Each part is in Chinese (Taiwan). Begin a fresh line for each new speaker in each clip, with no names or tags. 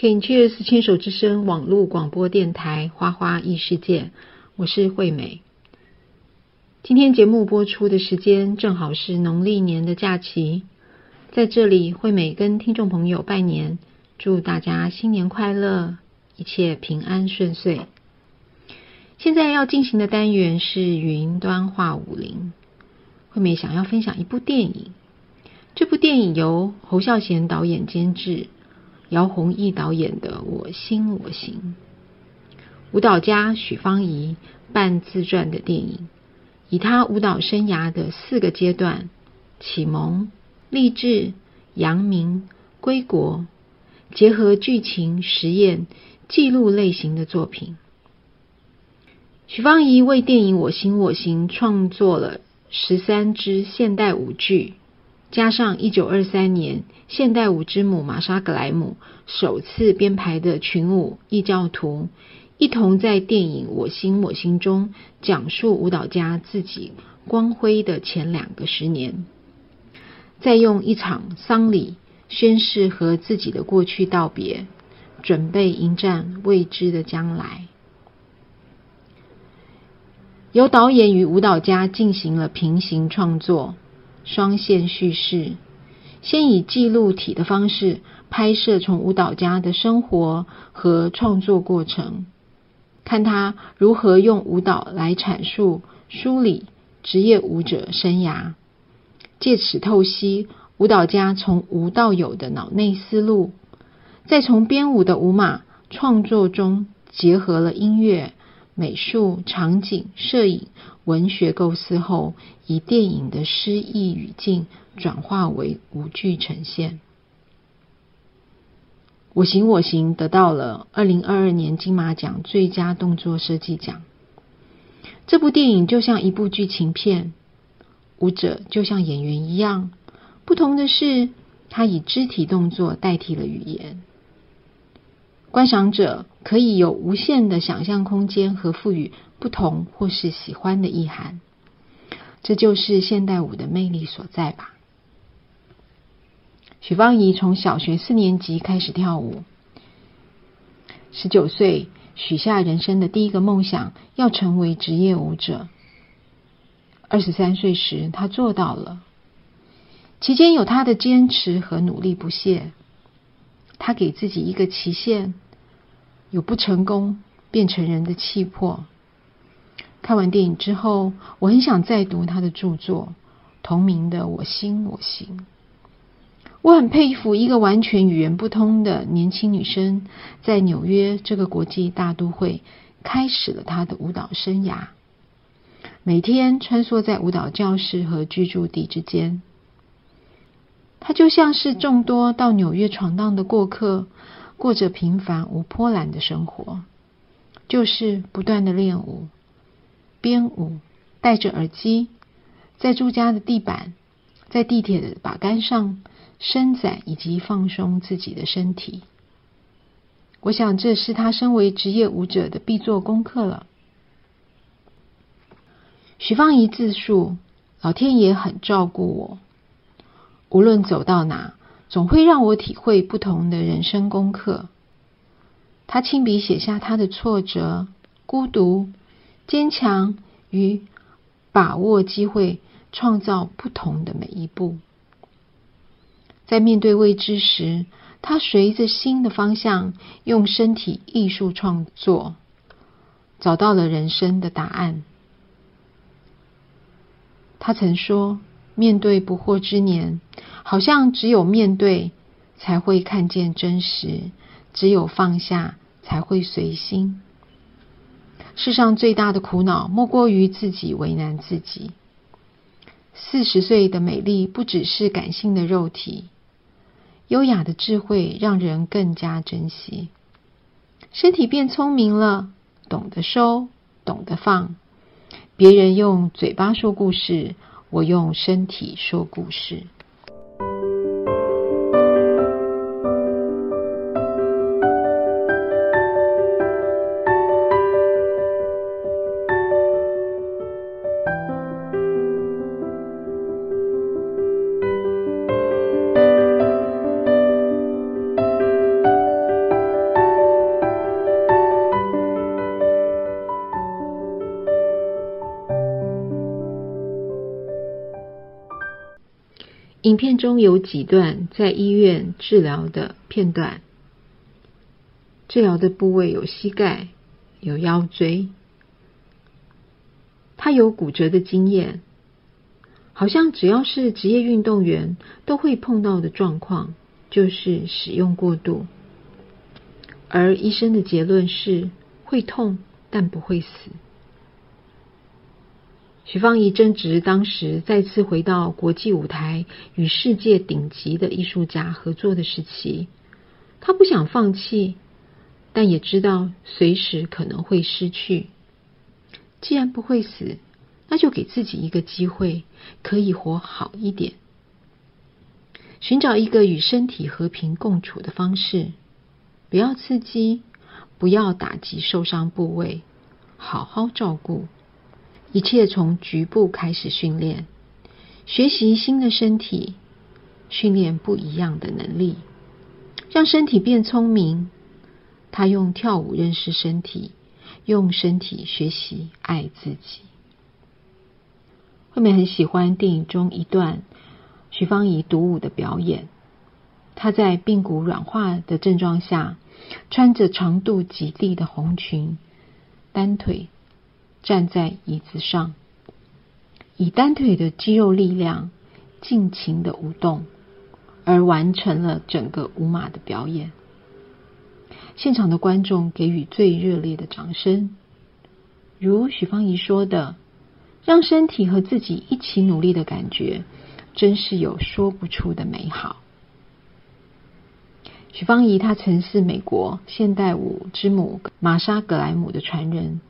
Kings Cheers 牽手之聲網絡廣播電台花花異世界，我是惠美。今天節目播出的時間正好是農曆年的假期，在這裡惠美跟聽眾朋友拜年，祝大家新年快樂，一切平安順遂。現在要進行的單元是雲端話舞林，惠美想要分享一部電影，這部電影由侯孝賢導演監製。姚宏毅導演的《我心我行》，舞蹈家許芳宜半自傳的電影，以他舞蹈生涯的四個階段——啟蒙、勵志、揚名、歸國——結合劇情實驗、記錄類型的作品。許芳宜為電影《我心我行》創作了十三支現代舞劇。加上一九二三年現代舞之母瑪莎·格萊姆首次編排的群舞《異教徒》，一同在電影《我心我行》中講述舞蹈家自己光輝的前兩個十年，再用一場喪禮宣誓，和自己的過去道別，準備迎戰未知的將來。由導演與舞蹈家進行了平行創作。雙線敘事，先以紀錄體的方式拍攝從舞蹈家的生活和創作過程，看他如何用舞蹈來闡述、梳理職業舞者生涯，借此透析舞蹈家從無到有的腦內思路，再從編舞的舞碼創作中結合了音樂。美術、場景、攝影、文學構思後，以電影的詩意語境轉化為舞劇呈現。《我心我行》得到了二零二二年金馬獎最佳動作設計獎。這部電影就像一部劇情片，舞者就像演員一樣，不同的是，他以肢體動作代替了語言。觀賞者，可以有無限的想象空間和賦予不同或是喜歡的意涵，這就是現代舞的魅力所在吧。許芳宜從小學四年級開始跳舞，十九歲許下人生的第一個夢想，要成為職業舞者。二十三歲時，她做到了，期間有她的堅持和努力不懈，她給自己一個期限。有不成功便成仁的氣魄。看完電影之後，我很想再讀她的著作《同名的我心我行》。我很佩服一個完全語言不通的年輕女生，在紐約這個國際大都會開始了她的舞蹈生涯，每天穿梭在舞蹈教室和居住地之間。她就像是眾多到紐約闖蕩的過客。過着平凡無波瀾的生活，就是不斷的練舞、編舞，戴着耳機，在住家的地板、在地鐵的把杆上伸展以及放鬆自己的身體。我想這是他身為職業舞者的必做功課了。許芳宜自述：“老天爺很照顧我，無論走到哪。”總會讓我體會不同的人生功課。他親筆寫下他的挫折、孤獨、堅強與把握機會，創造不同的每一步。在面對未知時，他隨着新的方向，用身體藝術創作，找到了人生的答案。他曾說：“面對不惑之年。”好像只有面對，才會看見真實；只有放下，才會隨心。世上最大的苦惱，莫過於自己為難自己。四十歲的美麗，不只是感性的肉體，優雅的智慧讓人更加珍惜。身體變聰明了，懂得收，懂得放。別人用嘴巴說故事，我用身體說故事。影片中有幾段在醫院治療的片段，治療的部位有膝蓋、有腰椎，他有骨折的經驗，好像只要是職業運動員都會碰到的狀況，就是使用過度。而醫生的結論是會痛，但不會死。許芳宜正值當時再次回到國際舞台，與世界頂級的藝術家合作的時期。她不想放棄，但也知道隨時可能會失去。既然不會死，那就給自己一個機會，可以活好一點，尋找一個與身體和平共處的方式。不要刺激，不要打擊受傷部位，好好照顧。一切從局部開始訓練，學習新的身體，訓練不一樣的能力，讓身體變聰明。他用跳舞認識身體，用身體學習愛自己。惠美很喜歡電影中一段許芳宜獨舞的表演，她在髕骨軟化的症狀下，穿着長度及地的紅裙，單腿。站在椅子上，以單腿的肌肉力量盡情的舞動，而完成了整個舞碼的表演。現場的觀眾給予最熱烈的掌聲。如許芳宜說的：“讓身體和自己一起努力的感覺，真是有說不出的美好。”許芳宜她曾是美國現代舞之母瑪莎·格萊姆的傳人。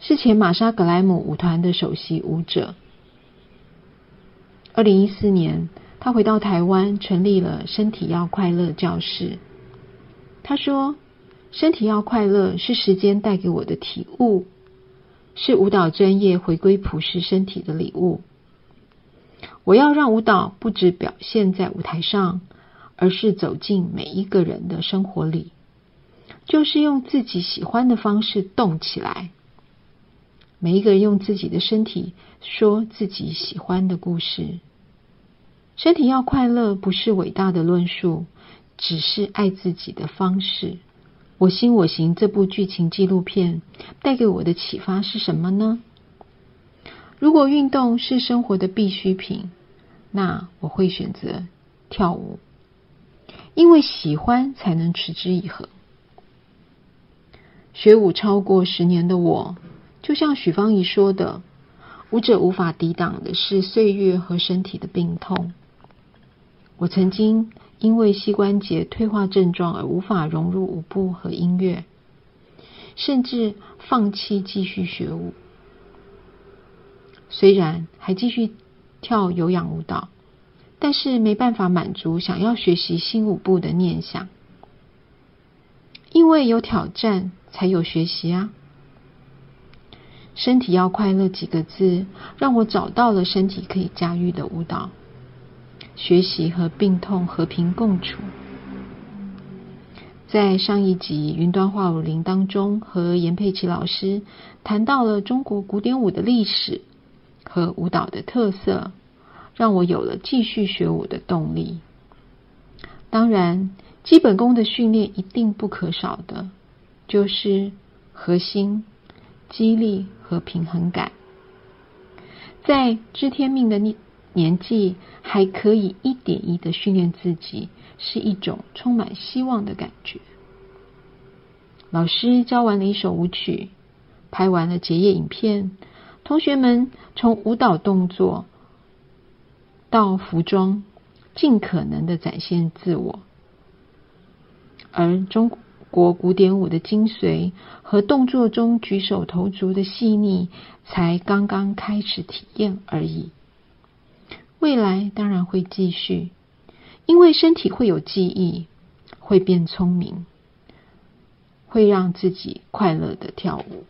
是前瑪莎·格萊姆舞團的首席舞者。二零一四年，他回到台灣，成立了“身體要快樂教室”。他說：“身體要快樂是時間帶給我的體悟，是舞蹈專業回歸樸實身體的禮物。我要讓舞蹈不只表現在舞台上，而是走進每一個人的生活裡，就是用自己喜歡的方式動起來。”每一個人用自己的身體說自己喜歡的故事。身體要快樂，不是偉大的論述，只是愛自己的方式。我心我行這部劇情紀錄片帶給我的啟發是什麼呢？如果運動是生活的必需品，那我會選擇跳舞，因為喜歡才能持之以恆。學舞超過十年的我。就像許芳宜說的，舞者無法抵擋的是歲月和身體的病痛。我曾經因為膝關節退化症狀而無法融入舞步和音樂，甚至放棄繼續學舞。雖然還繼續跳有氧舞蹈，但是沒辦法滿足想要學習新舞步的念想。因為有挑戰，才有學習啊。身體要快樂幾個字，讓我找到了身體可以駕馭的舞蹈，學習和病痛和平共處。在上一集《雲端話舞林》當中，和閆佩琪老師談到了中國古典舞的歷史和舞蹈的特色，讓我有了繼續學舞的動力。當然，基本功的訓練一定不可少的，就是核心。激勵和平衡感，在知天命的年紀，還可以一點一的訓練自己，是一種充滿希望的感覺。老師教完了一首舞曲，拍完了結業影片，同學們從舞蹈動作到服裝，盡可能的展現自我，而中。國古典舞的精髓和動作中舉手投足的細膩，才剛剛開始體驗而已。未來當然會繼續，因為身體會有記憶，會變聰明，會讓自己快樂地跳舞。